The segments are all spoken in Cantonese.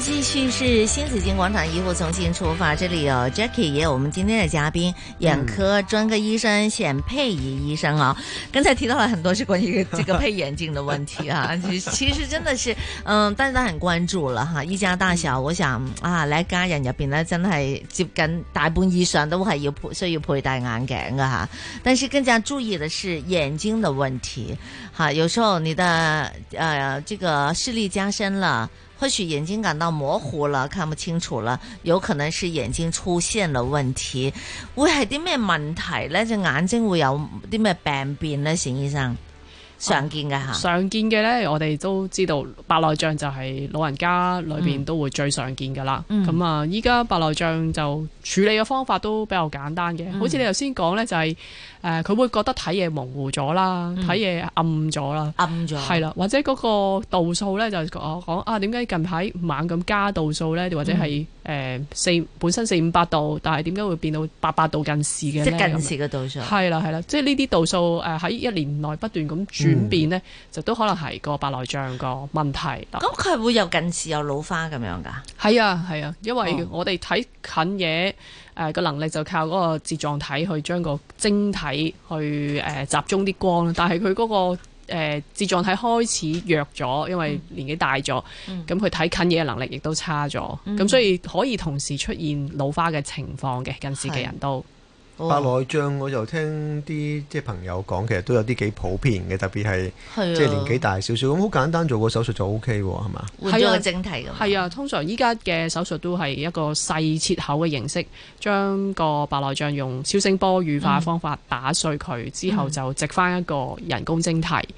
繼續是新紫金廣場醫護重新出發，這裏有 Jackie 也有我們今天的嘉賓眼科專科醫生冼佩儀醫生啊。嗯、剛才提到了很多是關於這個配眼鏡的問題 啊，其實真的是，嗯，大家都很關注了哈、啊。一家大小，我想啊，來家人入本來真的係接近大部分醫生都還，都係要配需要佩戴眼鏡噶、啊、哈、啊，但是更加注意的是眼睛的問題，哈、啊，有時候你的，呃，這個視力加深了。或許眼睛感到模糊了，看不清楚了，有可能是眼睛出現了問題，會係啲咩問題呢？隻眼睛會有啲咩病變呢？冼醫生？常見嘅吓，常見嘅咧，我哋都知道白內障就係老人家裏邊、嗯、都會最常見噶啦、嗯。咁啊，依家，白內障就處理嘅方法都比較簡單嘅、呃，好似你頭先講咧，就係誒，佢會覺得睇嘢模糊咗啦，睇嘢、嗯、暗咗啦，暗咗係啦，或者嗰個度數咧就我講啊，點解近排猛咁加度數咧？或者係誒四本身四五百度，但係點解會變到八百度近視嘅？即係近視嘅度數係啦係啦，即係呢啲度數誒喺一年內不斷咁轉。轉變呢，嗯、就都可能係個白內障個問題。咁佢係會有近視有老花咁樣噶？係啊係啊，因為我哋睇近嘢，誒個能力就靠嗰個睫狀體去將個晶體去誒集中啲光。但係佢嗰個誒睫狀體開始弱咗，因為年紀大咗，咁佢睇近嘢嘅能力亦都差咗。咁、嗯、所以可以同時出現老花嘅情況嘅近視嘅人都。白內障，我就聽啲即係朋友講，其實都有啲幾普遍嘅，特別係、啊、即係年紀大少少咁，好簡單做個手術就 O K 喎，係嘛？換咗、啊、個晶體係啊，通常依家嘅手術都係一個細切口嘅形式，將個白內障用超聲波乳化方法打碎佢、嗯、之後，就植翻一個人工晶體。咁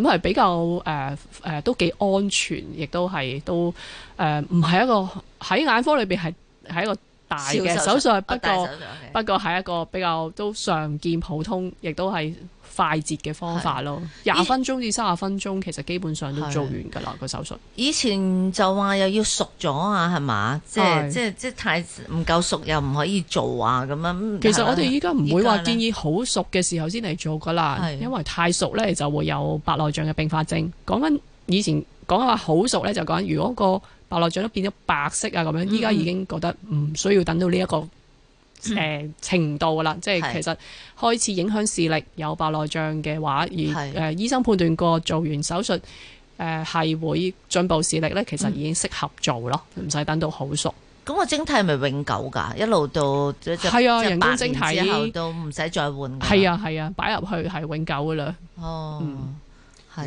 係、嗯、比較誒誒、呃呃，都幾安全，亦都係都誒，唔係一個喺眼科裏邊係係一個。大嘅手術，手術不過、okay. 不過係一個比較都常見、普通，亦都係快捷嘅方法咯。廿是分鐘至三十分鐘，其實基本上都做完㗎啦個手術。以前就話又要熟咗啊，係嘛是？即係即係即係太唔夠熟又唔可以做啊咁樣。其實我哋依家唔會話建議好熟嘅時候先嚟做㗎啦，因為太熟呢就會有白內障嘅併發症。講緊是以前講話好熟呢，就講如果、嗰個。白內障都變咗白色啊，咁樣依家已經覺得唔需要等到呢、這、一個誒、嗯呃、程度噶啦，是即係其實開始影響視力有白內障嘅話，而誒是、呃、醫生判斷過做完手術誒係、呃、會進步視力咧，其實已經適合做咯，唔使、嗯、等到好熟。咁個晶體係咪永久㗎？一路到係啊，人工晶體之後都唔使再換。係啊係啊，擺入、啊啊、去係永久噶啦。哦、嗯。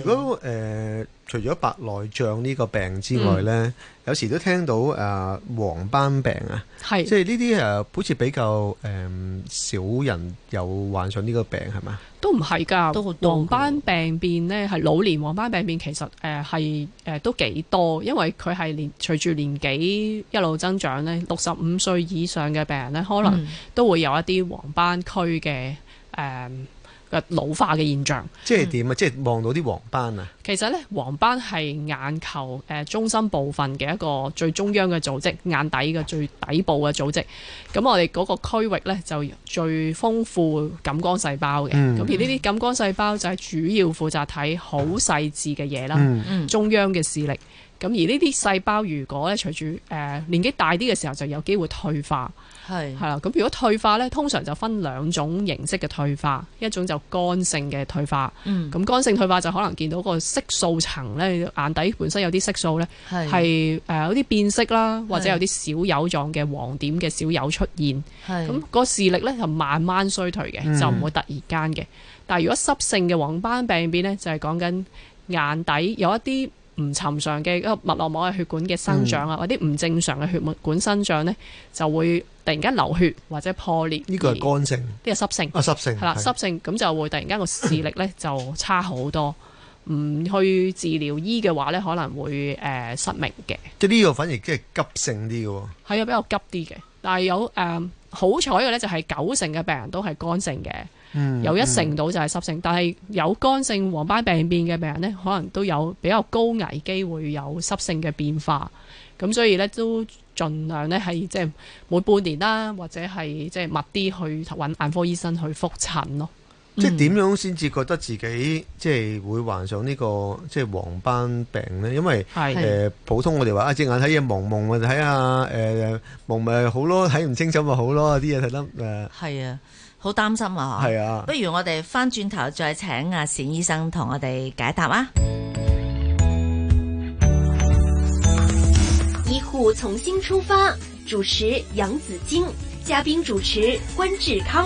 如果誒、呃、除咗白內障呢個病之外呢，嗯、有時都聽到誒、啊、黃斑病啊，係即係呢啲誒好似比較誒少、嗯、人有患上呢個病係咪？都唔係㗎，都好多黃斑病變呢，係老年黃斑病變，其實誒係誒都幾多，因為佢係年隨住年紀一路增長呢，六十五歲以上嘅病人呢，可能都會有一啲黃斑區嘅誒。呃嗯老化嘅現象，嗯、即係點啊？即係望到啲黃斑啊？其實呢，黃斑係眼球誒中心部分嘅一個最中央嘅組織，眼底嘅最底部嘅組織。咁我哋嗰個區域呢，就最豐富感光細胞嘅。咁、嗯、而呢啲感光細胞就係主要負責睇好細緻嘅嘢啦，嗯、中央嘅視力。咁而呢啲細胞如果咧隨住誒、呃、年紀大啲嘅時候，就有機會退化。係係啦，咁如果退化咧，通常就分兩種形式嘅退化，一種就乾性嘅退化。嗯，咁乾性退化就可能見到個色素層咧，眼底本身有啲色素咧係誒有啲變色啦，或者有啲小疣狀嘅黃點嘅小疣出現。咁是個視力咧就慢慢衰退嘅，就唔會突然間嘅。嗯、但係如果濕性嘅黃斑病變咧，就係講緊眼底有一啲。唔尋常嘅嗰個脈絡膜嘅血管嘅生長啊，嗯、或者唔正常嘅血管生長呢，就會突然間流血或者破裂。呢個係乾性，呢個濕性。啊，濕性係啦，對是濕性，咁就會突然間個視力呢就差好多。唔 去治療醫嘅話呢，可能會誒失明嘅。即係呢個反而即係急性啲嘅。係啊，比較急啲嘅，但係有誒。呃好彩嘅咧，就係九成嘅病人都係乾性嘅，嗯、有一成到就係濕性，嗯、但係有乾性黃斑病變嘅病人咧，可能都有比較高危機會有濕性嘅變化，咁所以咧都盡量咧係即係每半年啦、啊，或者係即係密啲去揾眼科醫生去覆診咯。即係點樣先至覺得自己即係會患上、這個、呢個即係黃斑病咧？因為誒是的、呃，普通我哋話啊，隻眼睇嘢蒙蒙，我哋睇下誒，蒙、呃、咪好咯，睇唔清楚咪好咯，啲嘢睇得誒。係、呃、啊，好擔心啊！係啊，不如我哋翻轉頭再請阿、啊、冼醫生同我哋解答啊！醫護重新出發，主持楊子晶，嘉賓主持關志康。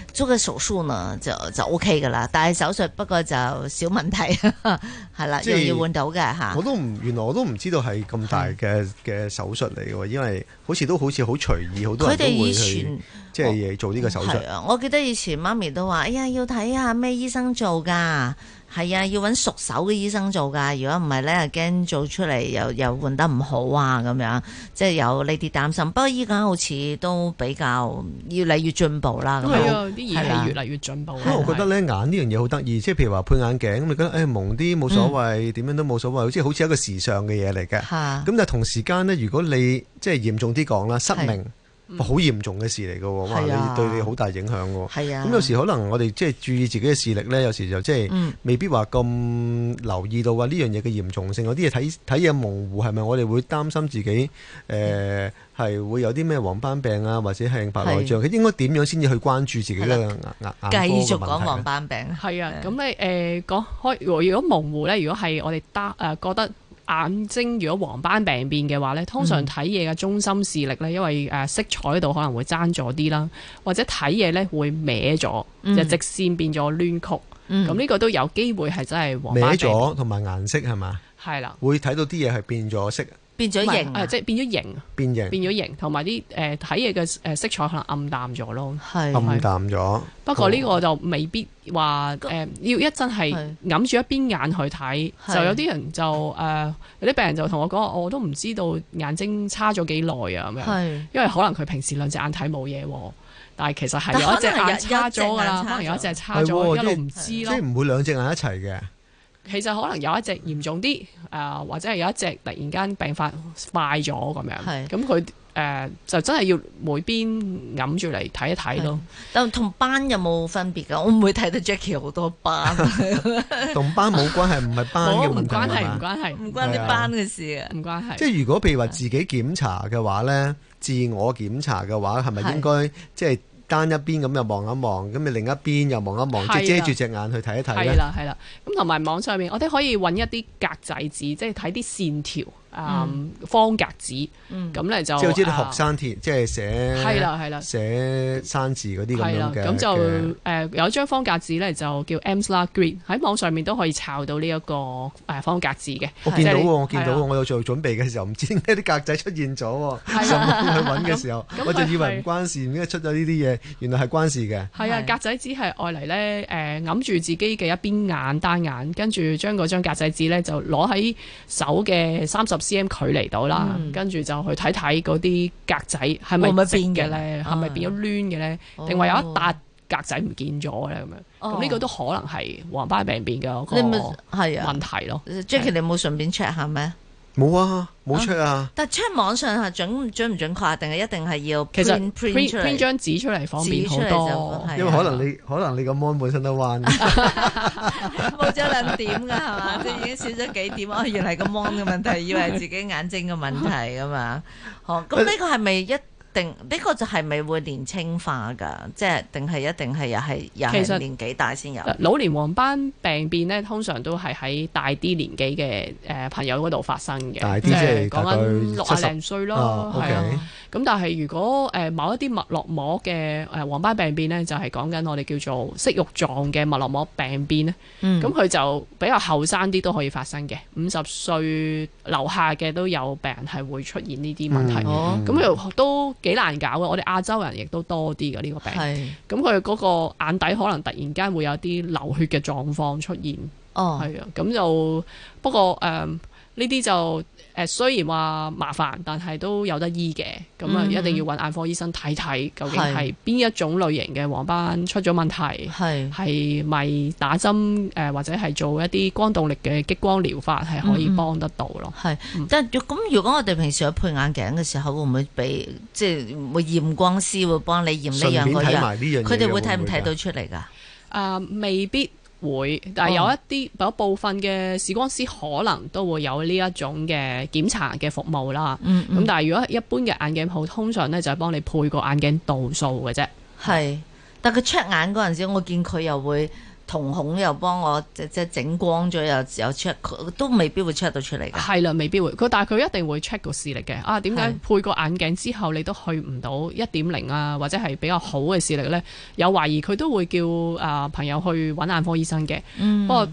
做個手術呢，就就 O K 嘅啦。但係手術不過就少問題，係 啦，是要換到嘅嚇。我都唔原來我都唔知道係咁大嘅，嘅是手術嚟喎，因為好似都好似好隨意，好多人都會去佢哋以前，即係做呢個手術。哦、係啊，我記得以前媽咪都話，哎呀，要睇下咩醫生做㗎。係啊，要搵熟手嘅醫生做噶。如果唔係咧，驚做出嚟又又換得唔好啊。咁樣即係有呢啲擔心。不過依家，好似都比較越嚟越進步啦。咁係、嗯、啊，啲儀器越嚟越進步。咁我覺得咧，眼呢樣嘢好得意。即係譬如話配眼鏡咁，你覺得誒蒙啲冇所謂，點樣都冇所謂。嗯、即係好似一個時尚嘅嘢嚟嘅。咁、啊、但係同時間咧，如果你即係嚴重啲講啦，失明。好嚴重嘅事嚟㗎，話你、啊、對你好大影響喎。咁、啊、有時可能我哋即係注意自己嘅視力咧，有時就即係未必話咁留意到啊呢樣嘢嘅嚴重性。嗯、有啲嘢睇睇嘢模糊係咪？是是我哋會擔心自己誒係、呃、會有啲咩黃斑病啊，或者係白內障佢、啊、應該點樣先至去關注自己咧、啊？繼續講黃斑病。係啊，咁你誒講開，如果模糊咧，如果係我哋得誒覺得。眼睛如果黃斑病變嘅話呢，通常睇嘢嘅中心視力呢，因為誒色彩度可能會爭咗啲啦，或者睇嘢呢會歪咗，嗯、就直線變咗攣曲，咁呢、嗯、個都有機會係真係黃斑病。歪咗同埋顏色係嘛？係啦，的會睇到啲嘢係變咗色。變咗形，即係變咗形，變型，變咗形，同埋啲誒睇嘢嘅誒色彩可能暗淡咗咯，暗淡咗。不過呢個就未必話誒，要一陣係揞住一邊眼去睇，就有啲人就誒有啲病人就同我講，我都唔知道眼睛差咗幾耐啊咁樣，因為可能佢平時兩隻眼睇冇嘢，但係其實係有一隻眼差咗㗎啦，可能有一隻眼差咗，一路唔知咯，即係唔會兩隻眼一齊嘅。其實可能有一隻嚴重啲，啊、呃、或者係有一隻突然間病發快咗咁樣，咁佢誒就真係要每邊揞住嚟睇一睇咯。但同斑有冇分別㗎？我唔會睇到 Jackie 好多斑，同 斑冇關係，唔係斑嘅問題。冇關係，唔關係，唔關啲斑嘅事嘅，唔關係。啊、關係即係如果譬如話自己檢查嘅話咧，是自我檢查嘅話係咪應該是即係？單一邊咁又望一望，咁你另一邊又望一望的，即係遮住隻眼去睇一睇咧。係啦，係啦。咁同埋網上面，我哋可以揾一啲格仔紙，即係睇啲線條。啊，方格子咁咧，就即係知道學生貼，即係寫，係啦係啦，寫生字嗰啲咁樣嘅。咁就誒有一張方格子咧，就叫 Amsler grid，喺網上面都可以抄到呢一個誒方格子嘅。我見到喎，我見到，我有做準備嘅時候，唔知點解啲格仔出現咗喎，就去揾嘅時候，我就以為唔關事，點解出咗呢啲嘢？原來係關事嘅。係啊，格仔紙係愛嚟咧誒，揞住自己嘅一邊眼單眼，跟住將嗰張格仔紙咧，就攞喺手嘅三十。C.M. 距離到啦，跟住、嗯、就去睇睇嗰啲格仔係咪變嘅咧？係咪變咗攣嘅咧？定話、哦、有一笪格仔唔見咗咧？咁、哦、樣咁呢個都可能係黃斑病變嘅一個問題咯。你 Jackie，你冇順便 check 下咩？冇啊，冇出啊，啊！但出網上係準準唔準確定，定係一定係要 print 出嚟張紙出嚟方便好多，因為可能你、啊、可能你個 mon 本身都彎，冇咗兩點噶係嘛， 即係已經少咗幾點啊！原嚟個 mon 嘅問題，以為自己眼睛嘅問題啊嘛，好咁呢個係咪一？定呢個就係咪會年青化㗎？即係定係一定係又係又係年紀大先有？老年黃斑病變咧，通常都係喺大啲年紀嘅誒、呃、朋友嗰度發生嘅。即係講緊六啊零歲咯，係、哦 okay、啊。咁但係如果誒、呃、某一啲脈絡膜嘅誒、呃、黃斑病變咧，就係講緊我哋叫做息肉狀嘅脈絡膜病變咧。咁佢、嗯、就比較後生啲都可以發生嘅，五十歲樓下嘅都有病係會出現呢啲問題。哦、嗯。咁、嗯、佢都～幾難搞嘅，我哋亞洲人亦都多啲嘅呢個病，咁佢嗰個眼底可能突然間會有啲流血嘅狀況出現，係、哦，咁就不過誒。Um, 呢啲就誒、呃，雖然話麻煩，但係都有得醫嘅。咁啊，一定要揾眼科醫生睇睇，嗯、究竟係邊一種類型嘅黃斑出咗問題，係係咪打針誒、呃，或者係做一啲光動力嘅激光療法，係可以幫得到咯。係、嗯嗯，但咁，如果我哋平時去配眼鏡嘅時候，會唔會俾即係驗光師會幫你驗呢樣嗰樣？佢哋會睇唔睇到出嚟噶？啊、呃，未必。會，但係有一啲，有一部分嘅視光師可能都會有呢一種嘅檢查嘅服務啦。咁、嗯嗯、但係如果一般嘅眼鏡鋪，通常咧就係幫你配個眼鏡度數嘅啫。係，但佢出眼嗰陣時，我見佢又會。瞳孔又幫我即即整光咗，又又 check，佢都未必會 check 到出嚟。係啦，未必會。佢但係佢一定會 check 個視力嘅。啊，點解配個眼鏡之後你都去唔到一點零啊，或者係比較好嘅視力咧？有懷疑佢都會叫啊、呃、朋友去揾眼科醫生嘅。嗯、不過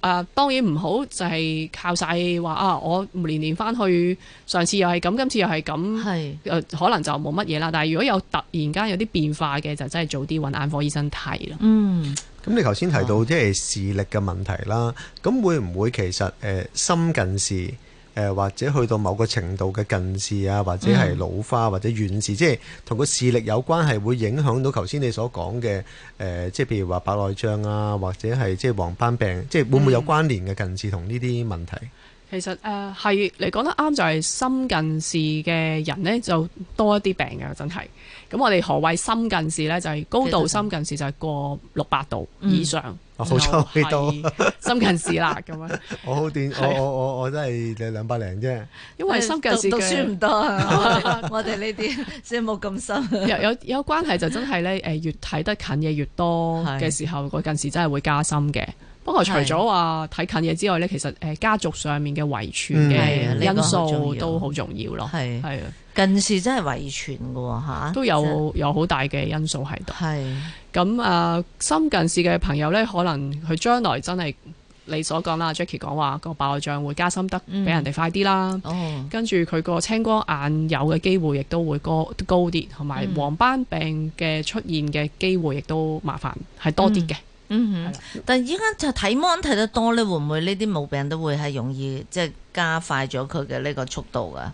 啊、呃，當然唔好就係、是、靠晒話啊！我年年翻去，上次又係咁，今次又係咁，係是、呃、可能就冇乜嘢啦。但係如果有突然間有啲變化嘅，就真係早啲揾眼科醫生睇啦。嗯。咁你頭先提到即係視力嘅問題啦，咁會唔會其實誒深、呃、近視誒、呃、或者去到某個程度嘅近視啊，或者係老花或者遠視，即係同個視力有關係，會影響到頭先你所講嘅誒，即係譬如話白內障啊，或者係即係黃斑病，即係會唔會有關聯嘅近視同呢啲問題？嗯。其實誒係，你、呃、講得啱，就係深近視嘅人咧就多一啲病㗎，真係。咁我哋何謂深近視咧？就係、係、高度深近視就係過六百度以上。好彩呢，都深近視啦，咁樣！我好短，我我我我真係兩百零啫。因為深近視，讀書唔多，我哋呢啲先冇咁深。有有有關係就真係咧，誒，越睇得近嘢越多嘅時候，個近視真係會加深嘅。是不過，除咗話睇近嘢之外咧，其實誒家族上面嘅遺傳嘅因素都好、嗯這個、重要咯。係係的的近視真係遺傳嘅嚇，都有的有好大嘅因素喺度。係咁啊，深近視嘅朋友咧，可能佢將來真係你所講啦，Jackie 講話個白內障會加深得比人哋快啲啦。嗯哦、跟住佢個青光眼有嘅機會亦都會高高啲，同埋黃斑病嘅出現嘅機會亦都麻煩係多啲嘅。嗯嗯，但係依家就睇 mon 睇得多咧，會唔會呢啲毛病都會係容易即係加快咗佢嘅呢個速度啊？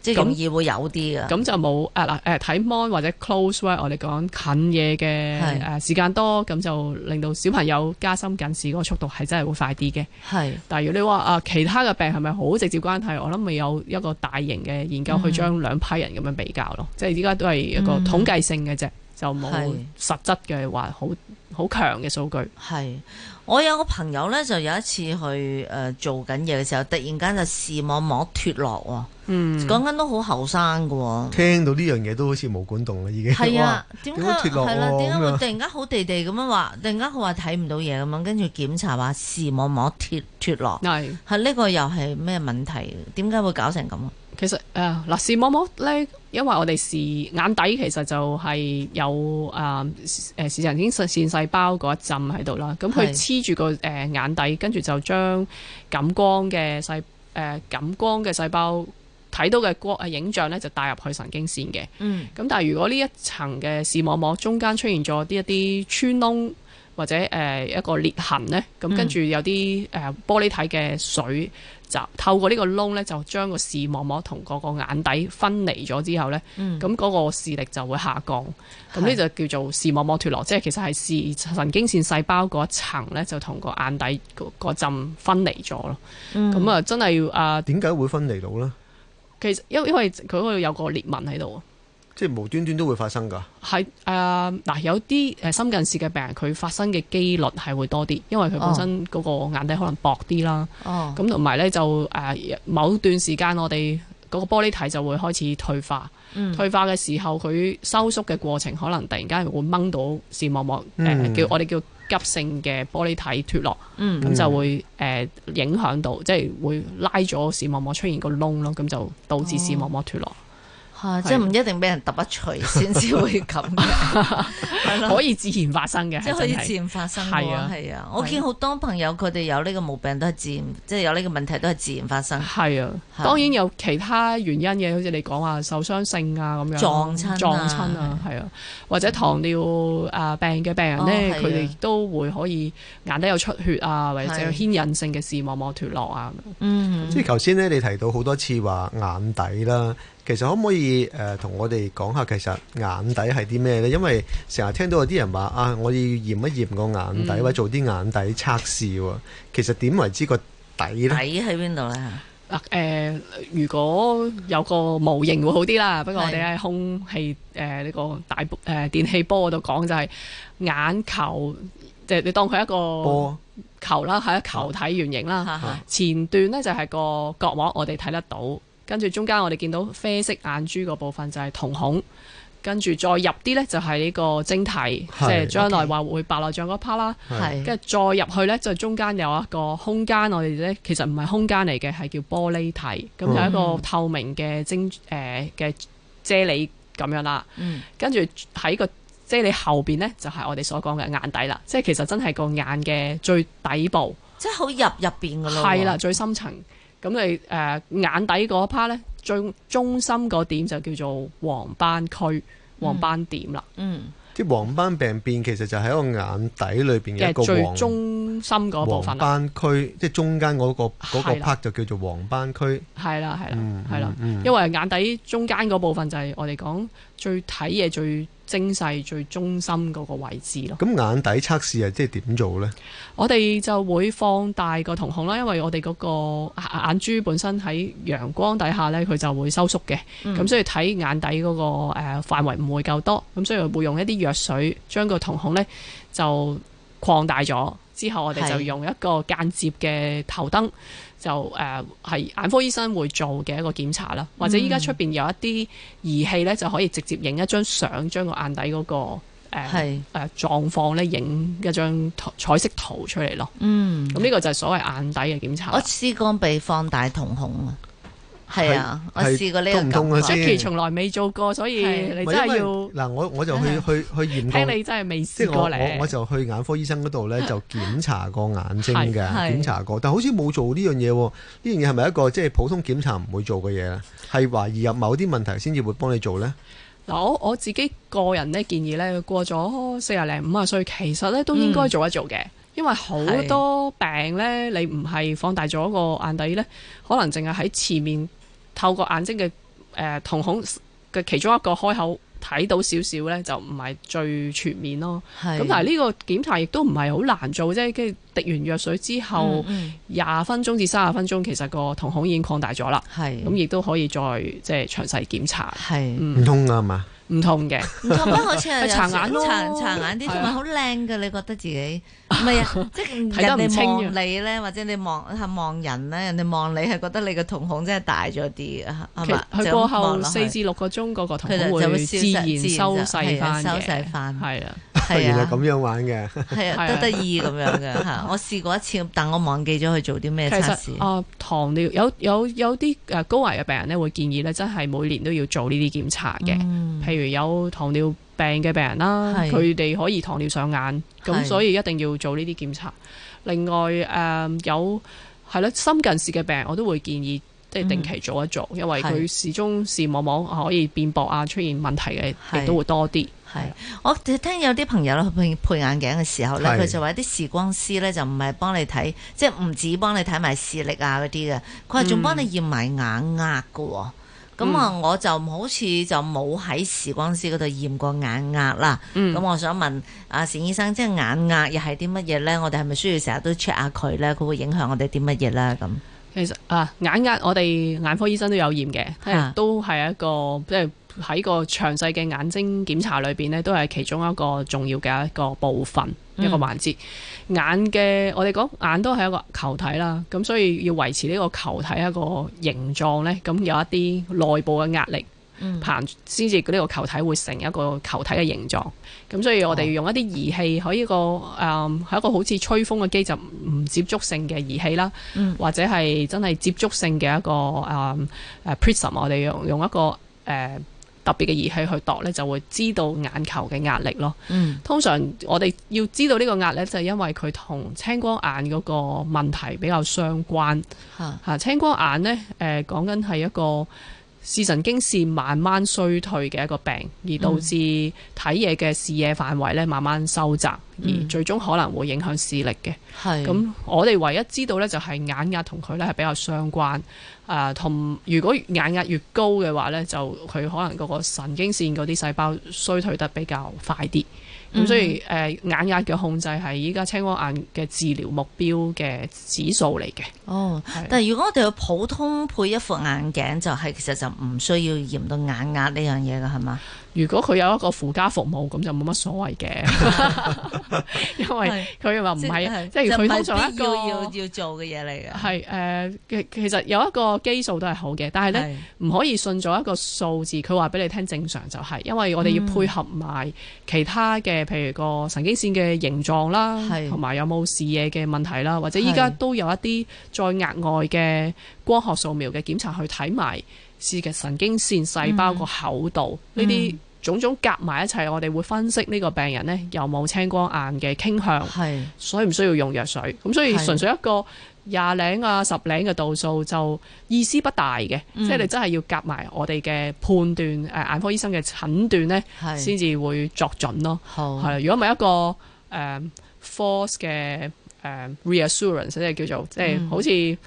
即係容易會有啲、嗯、啊？咁就冇誒嗱誒睇 mon 或者 close way，我哋講近嘢嘅誒時間多，咁就令到小朋友加深近視嗰個速度係真係會快啲嘅。係是，但係如果你話啊其他嘅病係咪好直接關係？我諗未有一個大型嘅研究去將兩批人咁樣比較咯，嗯、哼即係依家都係一個統計性嘅啫。又冇實質嘅話，好好是強嘅數據。係，我有個朋友咧，就有一次去誒、呃、做緊嘢嘅時候，突然間就視網膜脱落喎。嗯，講緊都好後生㗎喎。聽到呢樣嘢都好似冇管動啦，已經係啊？點解脱落喎、啊？點解、啊啊、會突然間好地地咁樣話？突然間佢話睇唔到嘢咁樣，跟住檢查話視網膜脱脱落。係、啊，係呢、啊呢個又係咩問題？點解會搞成咁啊？其實誒、呃，視網膜咧，因為我哋視眼底其實就係有誒誒、呃，視神經細線細胞嗰一浸喺度啦。咁佢黐住個誒、呃、眼底，跟住就將感光嘅細誒感光嘅細胞睇到嘅光誒影像咧，就帶入去神經線嘅。咁、嗯、但係如果呢一層嘅視網膜中間出現咗啲一啲穿窿。或者誒一個裂痕咧，咁跟住有啲誒玻璃體嘅水、嗯、就透過呢個窿咧，就將個視網膜同嗰個眼底分離咗之後咧，咁嗰、嗯、個視力就會下降。咁呢、嗯、就叫做視網膜脫落，是的 即係其實係視神經線細胞嗰層咧，就同個眼底嗰個浸分離咗咯。咁啊，真係要啊？點解會分離到咧？其實因因為佢嗰度有個裂紋喺度。即係無端端都會發生噶，係誒嗱，有啲誒，深近視嘅病人佢發生嘅幾率係會多啲，因為佢本身嗰個眼底可能薄啲啦，哦，咁同埋咧就誒、呃，某段時間我哋嗰個玻璃體就會開始退化，嗯、退化嘅時候佢收縮嘅過程可能突然間會掹到視網膜，誒、呃，叫我哋叫急性嘅玻璃體脫落，嗯，咁就會誒、呃、影響到，即係會拉咗視網膜出現個窿咯，咁就導致視網膜脫落。嗯嗯即係唔一定俾人揼一鎚先至會咁，係可以自然發生嘅，即係可以自然發生。係啊，係啊，我見好多朋友佢哋有呢個毛病都係自然，即係有呢個問題都係自然發生。係啊，當然有其他原因嘅，好似你講話受傷性啊咁樣撞親撞親啊，係啊，或者糖尿啊病嘅病人呢，佢哋都會可以眼底有出血啊，或者有牽引性嘅視網膜脫落啊。即係頭先咧，你提到好多次話眼底啦。其實可唔可以誒同、呃、我哋講下其實眼底係啲咩咧？因為成日聽到有啲人話啊，我要驗一驗個眼底或者做啲眼底測試喎。嗯、其實點為之個底咧？底喺邊度咧？嗱誒、呃，如果有個模型會好啲啦。是不過我哋喺空氣誒呢、呃這個大波誒、呃、電氣波嗰度講就係眼球，即、就、係、是、你當佢一個球啦，係一波球體圓形啦。哈哈，前段咧就係個角膜，我哋睇得到。跟住中間，我哋見到啡色眼珠個部分就係瞳孔，跟住再入啲呢就係呢個晶體，即係是將來話會白內障嗰 part 啦。Okay. 跟住再入去呢，就中間有一個空間，我哋呢其實唔係空間嚟嘅，係叫玻璃體，咁有一個透明嘅晶誒嘅啫喱咁樣啦。跟住喺個啫喱後邊呢，就係我哋所講嘅眼底啦。即係其實真係個眼嘅最底部，即係好入入邊噶咯。係啦，最深層。咁你誒、呃、眼底嗰一 part 咧，最中心嗰點就叫做黃斑區、黃斑點啦。嗯，啲黃斑病變其實就喺個眼底裏邊嘅最中心嗰部分。黃斑區即係中間嗰個、嗰個 part 就叫做黃斑區。係啦係啦，係啦，因為眼底中間嗰部分就係我哋講最睇嘢最精細最中心嗰個位置咯。咁眼底測試係即係點做呢？我哋就會放大個瞳孔啦，因為我哋嗰個眼珠本身喺陽光底下呢，佢就會收縮嘅，咁、嗯、所以睇眼底嗰個誒範圍唔會夠多，咁所以會用一啲藥水將個瞳孔呢就擴大咗。之後我哋就用一個間接嘅頭燈，是就誒係、呃、眼科醫生會做嘅一個檢查啦。嗯、或者依家出邊有一啲儀器呢就可以直接影一張相，將個眼底嗰、那個誒誒狀況咧影一張彩色圖出嚟。咯。嗯，咁呢個就係所謂眼底嘅檢查。我激光鼻放大瞳孔啊。係啊，我試過呢啲唔痛嘅 Jackie 從來未做過，所以你真係要嗱、呃，我我就去 去去驗。 睇你真係未試過嚟。即係我我我就去眼科醫生嗰度咧， 就檢查過眼睛嘅， 是檢查過，但好似冇做呢樣嘢喎。呢樣嘢係咪一個即係普通檢查唔會做嘅嘢咧？係懷疑有某啲問題先至會幫你做咧？嗱、嗯，我我自己個人咧建議咧，過咗四廿零五廿歲，其實咧都應該做一做嘅，嗯、因為好多病咧你唔係放大咗個眼底咧，的的可能淨係喺前面。透過眼睛嘅誒、呃、瞳孔嘅其中一個開口睇到少少咧，就唔係最全面咯。咁係但係呢個檢查亦都唔係好難做，啫。跟住滴完藥水之後，廿、嗯嗯、分鐘至三十分鐘，其實個瞳孔已經擴大咗啦。咁亦都可以再即係詳細檢查。唔係、嗯、通啊嘛？唔同嘅，唔同，好似係長眼咯，長長眼啲同埋好靚嘅，你覺得自己，唔係啊，即係人哋望你咧，或者你望係望人咧，人哋望你係覺得你個瞳孔真係大咗啲啊，係咪？佢過後四至六個鐘嗰個瞳孔會自然收細翻嘅，係啊。原來，咁樣玩嘅，係啊，都得意咁樣嘅吓。我試過一次，但我忘記咗佢做啲咩測試啊、呃。糖尿有有有啲誒高危嘅病人咧，會建議咧，真係每年都要做呢啲檢查嘅。嗯、譬如有糖尿病嘅病人啦，佢哋是的 可以糖尿上眼，咁是的 所以一定要做呢啲檢查。是的 另外誒、呃，有係啦，深近視嘅病人我都會建議。即係定期做一做，嗯、因為佢始終視網膜可以變薄啊，出現問題嘅亦都會多啲。係，我聽有啲朋友咧配，配眼鏡嘅時候咧，佢是就話啲視光師咧就唔係幫你睇，即係唔止幫你睇埋視力啊嗰啲嘅，佢仲幫你驗埋眼壓嘅喎。咁啊、嗯，我就好似就冇喺視光師嗰度驗過眼壓啦。咁、嗯、我想問阿冼、啊、醫生，即係眼壓又係啲乜嘢咧？我哋係咪需要成日都 check 下佢咧？佢會影響我哋啲乜嘢咧？咁？其實啊，眼壓我哋眼科醫生都有驗嘅、啊就是，都係一個即係喺個詳細嘅眼睛檢查裏邊呢，都係其中一個重要嘅一個部分、嗯、一個環節。眼嘅我哋講眼都係一個球體啦，咁所以要維持呢個球體一個形狀呢，咁有一啲內部嘅壓力。嗯，先至呢個球體會成一個球體嘅形狀，咁所以我哋要用一啲儀器，可以個誒係、哦嗯、一個好似吹風嘅機，就唔接觸性嘅儀器啦，嗯、或者係真係接觸性嘅一個誒誒、嗯啊、prism，我哋用用一個誒、呃、特別嘅儀器去度咧，就會知道眼球嘅壓力咯。嗯、通常我哋要知道呢個壓力，就係因為佢同青光眼嗰個問題比較相關吓、嗯啊。青光眼咧，誒講緊係一個。視神經線慢慢衰退嘅一個病，而導致睇嘢嘅視野範圍咧慢慢收窄，而最終可能會影響視力嘅。咁是我哋唯一知道咧就係眼壓同佢咧係比較相關。誒、呃，同如果眼壓越高嘅話咧，就佢可能嗰個神經線嗰啲細胞衰退得比較快啲。咁所以，誒、呃、眼壓嘅控制係依家青光眼嘅治療目標嘅指數嚟嘅。哦，係。但係如果我哋普通配一副眼鏡，就係、係、其實就唔需要驗到眼壓呢樣嘢㗎，係嘛？如果佢有一個附加服務，咁就冇乜所謂嘅， 因為佢又話唔係，即係佢通常一個要要做嘅嘢嚟嘅。係誒、呃，其實有一個基數都係好嘅，但係咧唔可以信咗一個數字。佢話俾你聽正常就係、是，因為我哋要配合埋其他嘅，譬、嗯、如個神經線嘅形狀啦，同埋是有冇視野嘅問題啦，或者依家都有一啲再額外嘅光學掃描嘅檢查去睇埋。嘅神經線細胞個厚度，呢啲、嗯、種種夾埋一齊，我哋會分析呢個病人呢有冇青光眼嘅傾向，是所以唔需要用藥水。咁是所以純粹一個廿零啊十零嘅度數就意思不大嘅，嗯、即係你真係要夾埋我哋嘅判斷，誒眼科醫生嘅診斷呢先至會作準咯。係是，是如果唔係一個誒、um, false 嘅誒、um, reassurance，即係叫做即係、嗯、好似。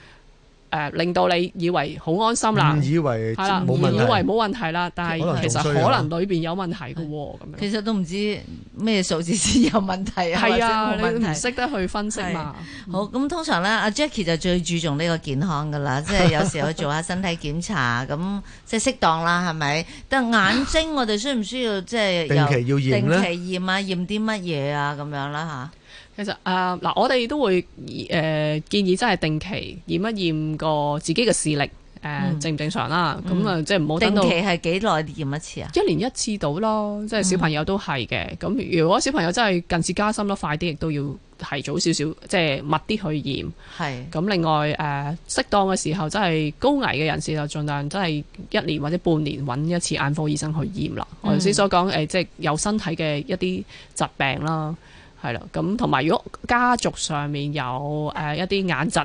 誒，令到你以為好安心啦，以為係啦，以為冇問題啦，但係其實可能裏邊有問題噶，咁的樣。其實都唔知咩數字先有問題啊，的或者冇問題。唔識得去分析嘛。好，咁通常咧，阿 Jackie 就最注重呢個健康噶啦，即係有時候做下身體檢查，咁即係適當啦，係咪？但係眼睛我哋需唔需要即係、 呃、定期要驗咧？定期驗啊，驗啲乜嘢啊，咁樣啦吓。其實誒，嗱、呃，我哋都會誒、呃、建議，真係定期驗一驗個自己嘅視力誒、嗯呃，正唔正常啦？咁啊，即係唔好等到定期係幾耐驗一次啊？一年一次到咯，即係小朋友都係嘅。咁、嗯、如果小朋友真係近視加深啦，快啲亦都要提早少少，即係密啲去驗。係是。咁另外誒，適、呃、當嘅時候，真係高危嘅人士就盡量真係一年或者半年揾一次眼科醫生去驗啦。我頭先所講誒，即係有身體嘅一啲疾病啦。嗯係啦，咁同埋如果家族上面有誒一啲眼疾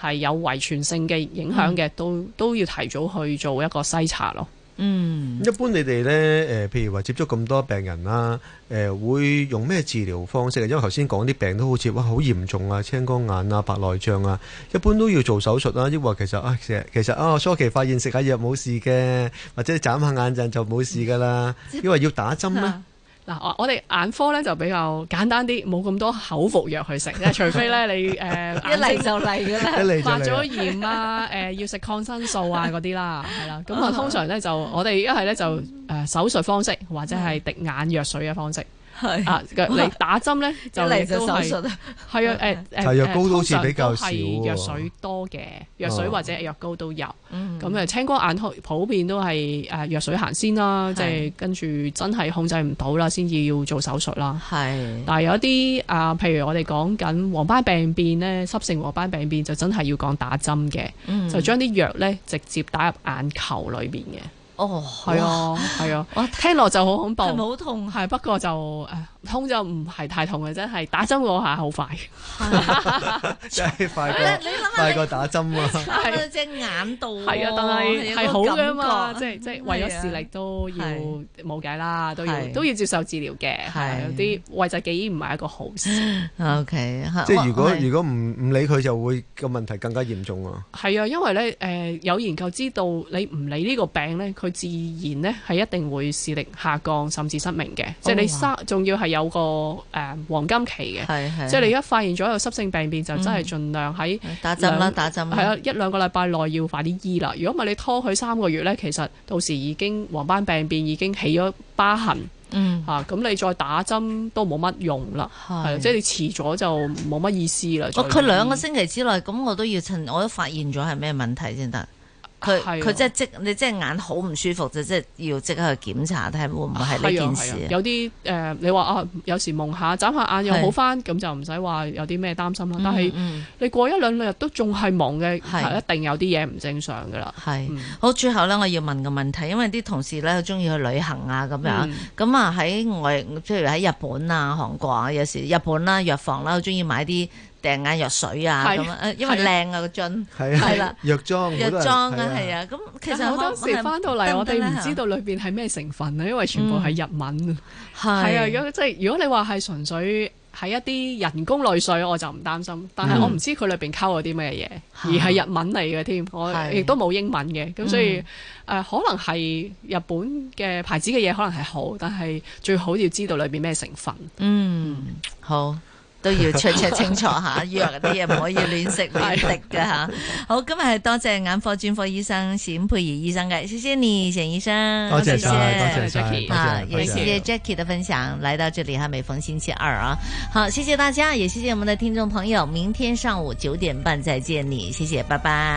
係有遺傳性嘅影響嘅，嗯、都都要提早去做一個篩查咯。嗯，一般你哋呢，誒，譬如話接觸咁多病人啦、啊，誒會用咩治療方式啊？因為頭先講啲病都好似哇好嚴重啊，青光眼啊，白內障啊，一般都要做手術啦、啊。抑或其實啊，其實啊，初期發現食下藥冇事嘅，或者眨下眼陣就冇事噶啦。嗯、因為要打針咩？嗯嗱、啊，我我哋眼科咧就比較簡單啲，冇咁多口服藥去食，除非咧你誒，一嚟就嚟嘅啦，發咗炎啊，誒、呃、要食抗生素啊嗰啲啦，係 啦， 咁啊通常咧就我哋一係咧就誒、呃、手術方式或者係滴眼藥水嘅方式。 係是啊，嚟打針咧就嚟到手術，係啊，誒、啊、誒、啊、藥膏都好似比較少喎。藥水多嘅、哦、藥水或者藥膏都有，咁誒、嗯、青光眼普遍都係誒藥水行先啦，即係是 跟住真係控制唔到啦，先至要做手術啦。係，是 但係有一啲啊，譬如我哋講緊黃斑病變咧，濕性黃斑病變就真係要講打針嘅，嗯、就將啲藥咧直接打入眼球裏邊嘅。哦，係啊，係啊哇，聽落就好恐怖。好痛，係不過就誒。痛就唔係太痛嘅，真係打針嗰下好快，真係快過，你諗下，快過打針啊！係隻眼度係啊，但係係好嘅嘛，即係即係為咗視力都要冇計啦，都要都要接受治療嘅，係，有啲諱疾忌醫唔係一個好事。OK，即係如果如果唔唔理佢，就會個問題更加嚴重啊！係啊，因為咧誒有研究知道你唔理呢個病咧，佢自然咧係一定會視力下降，甚至失明嘅。即係你失，仲要係。有個誒、呃、黃金期嘅，是是即係你一發現咗有濕性病變，嗯、就真係盡量喺打針啦，打針係啊，一兩個禮拜內要快啲醫啦。如果唔係你拖佢三個月咧，其實到時已經黃斑病變已經起咗疤痕，嗯吓，咁、啊、你再打針都冇乜用啦，係是即係你遲咗就冇乜意思啦。是我佢兩個星期之內，咁我都要趁我都發現咗係咩問題先得。佢佢即係即，你即係眼好唔舒服就即係要即刻去檢查，睇下會唔會係呢件事？啊啊、有啲誒、呃，你話啊，有時矇下眨下眼又好返，咁是就唔使話有啲咩擔心啦。嗯、但係你過一兩兩日都仲係矇嘅，係是一定有啲嘢唔正常㗎啦。係是，嗯、好，最後咧，我要問個問題，因為啲同事咧好中意去旅行啊咁樣，咁啊喺外，譬如喺日本啊、韓國啊，有時日本啦，藥房啦，好中意買啲。訂眼藥水啊，咁因為靚啊個樽，係啦藥妝，藥妝啊係啊，咁其實好多時翻到嚟我哋唔知道裏邊係咩成分啊，因為全部係日文啊，係啊，如果即係如果你話係純粹係一啲人工淚水，我就唔擔心，但係我唔知佢裏邊溝咗啲咩嘢，而係日文嚟嘅添，我亦都冇英文嘅，咁所以誒，可能係日本嘅牌子嘅嘢可能係好，但係最好要知道裏邊咩成分。嗯，好。都要 check check 清楚吓，藥啲嘢唔可以亂食亂食嘅吓。好，今日係多謝眼科專科醫生冼佩儀醫生嘅，謝謝你冼醫生，多謝多謝，啊，也謝謝 Jackie 的分享，來到這裏哈，每逢星期二啊，好，謝謝大家，也謝謝我們的聽眾朋友，明天上午九點半再見你，謝謝，拜拜。